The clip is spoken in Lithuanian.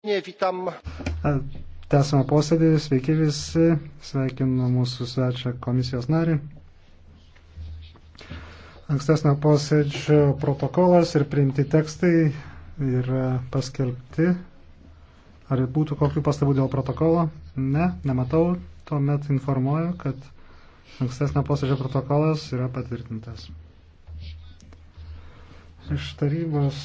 Witam. Tęsame posėdį, sveiki visi, sveikinu mūsų svečią komisijos narį. Ankstesnio posėdžio protokolas ir priimti tekstai yra paskelbti. Ar būtų kokių pastabų dėl protokolo? Ne, nematau. Tuomet informuoju, kad ankstesnio posėdžio protokolas yra patvirtintas. Iš tarybos